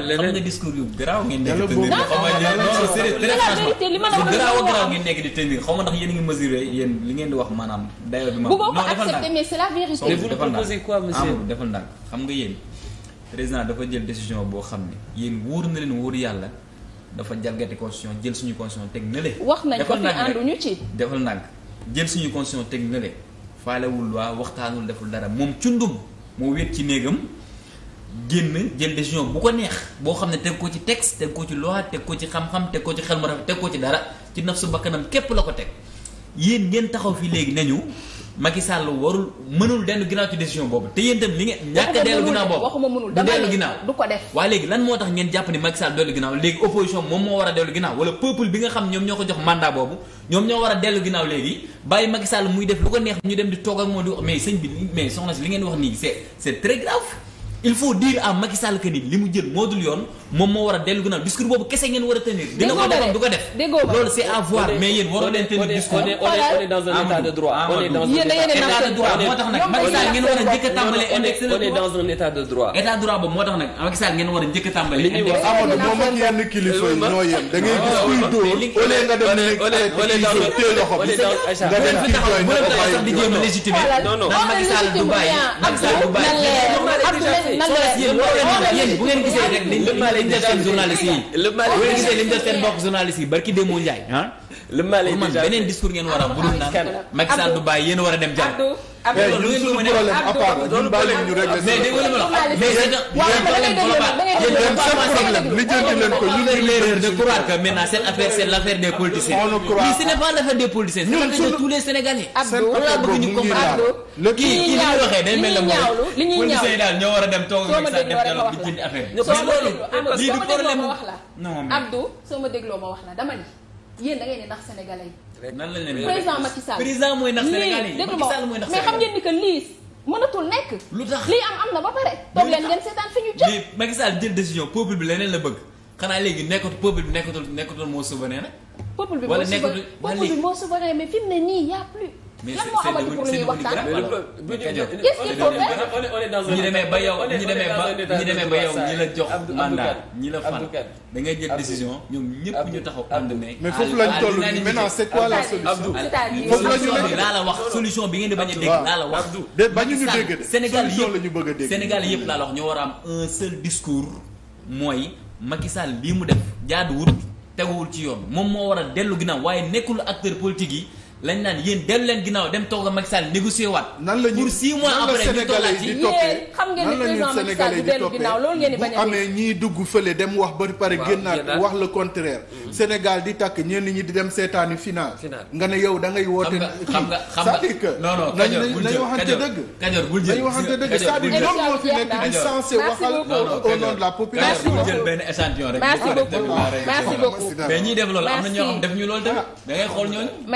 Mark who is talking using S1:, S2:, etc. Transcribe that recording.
S1: pour leneen xam nga discours a garaaw ngeen nekk di tenir li ma la garaaw garaaw ngeen nekk di tenir xaw ma ndax yéen ngi mesurer yéen li ngeen di wax maanaam dayoo bi ma bu ko ko accepté defal ndànk xam nga yéen président dafa jël décision boo xam ne yéen wóor na leen wóor yàlla dafa jalgati constitution jël suñu constitution teg na le wax nañ ko fi ànduñu ci defal ndànk jël suñu constitution teg na le faalewul waa waxtaanul deful dara moom cundum moo wéet ci néegam génn jël décision bu ko neex boo xam ne teg ko ci texte teg ko ci loi teg ko ci xam-xam teg ko ci xel mu rafet teg ko ci dara ci nafsu bakkanam képp la ko teg yéen ngeen taxaw fi léegi nañu Macky Sall warul mënul dellu ginnaaw ci décision boobu te yéen itam li ngeen ñàkk a dellu ginnaaw boobu dama dellu ginnaaw du ko def waaye léegi lan moo tax ngeen jàpp ni Macky Sall dellu ginnaaw léegi opposition moom moo war a dellu ginnaaw wala peuple bi nga xam ñoom ñoo ko jox mandat boobu ñoom ñoo a dellu ginnaaw léegi bàyyi Macky Sall muy def lu ko neex ñu dem di toog ak moom di wax mais sëñ bi ngeen wax nii c'est il faut dire à Macky Sall que li mu jël moo dul yoon moom moo war a dellu gannaaw discours boobu kese ngeen war a tenir. dina ko defoon du ko def loolu c'est à voir mais yéen waroo leen tenir discours. on est on est dans un état de droit. on est moo tax nag Macky ngeen war a njëkk a tàmbalee moo tax nag Macky ngeen war a njëkk a tàmbalee. li ñuy wax Amadou moom ak yenn kilifa yi ñoo yem yéen bu ngeen gisee rek liñ liñ def seen journaliste yi bu ngeen gisee liñ def seen mbokk journaliste yi barki démb Ndiaye ah le mal man beneen discours ngeen war a am bu dul naan Macky Sall du bàyyi yéen a war a dem jàng am na loolu lu ngeen mën a am loolu problème ñu régler mais dégg nga ma la mais li jënd leen ko ñun ñu leen de croire que maintenant cette affaire c'est l'affaire des politiciens lii ce n'est pas l'affaire des politiciens c'est l'affaire de tous les Sénégalais wala bëgg ñu comprendre kii kii li ñuy waxee day mel ne mooy politiciens yi daal ñoo war a dem toog ak sa dem dialogue di jënd affaire loolu lii du problème non Abdou soo ma dégloo ma wax la dama ni yéen da ngay ne ndax sénégalais nan la leen président Macky Sall président mooy nax Sénégal yi Macky Sall mooy nax mais xam ngeen ni que lii mënatul nekk. ba pare. toog leen ngeen seetaan fi ñu jëm. mais Macky décision peuple bi leneen la bëgg xanaa léegi nekkatu peuple bi nekkatul nekkatul moo souverain nag. wala nekkatul peuple bi moo souverain mais fi mu ne nii a plus. lan moo amati pour lu ñuy waxtaan ñu demee ba yow ñu demee ba ñu demee ba yow ñi la jox mandat ñi la fal da ngay jël décision ñoom ñëpp ñu taxaw ànd ne mais foofu lañ toll maintenant c'est quoi la laa la wax solution bi ngeen di bañ a dégg laa la wax Sénégal yëpp laa la wax ñoo war a am un seul discours mooy Macky Sall lii mu def jaaduwul teguwul ci yoon moom moo war a dellu ginnaaw waaye nekkul acteur politique yi lañ naan yéen dellu leen ginnaaw dem toog a Macky Sall négocier waat. nan la ñuy pour 6 mois après ñu tollaat ci yéen xam a. dugg fële dem wax ba pare génnaat wax le contraire. Mm-hmm. Sénégal di takk ñenn ñi di dem seetaani final. nga ne yow da ngay woote. xam nga xam nga c'est-à-dire que. non non Kajoor bul jël Kajoor Kajoor bul jël. nañu waxante dëgg c'est-à-dire loolu moo fi nekk di censé de la population. bul jël benn échantillon rek. merci def loolu am na ñoo xam def ñu loolu tamit da xool ñooñu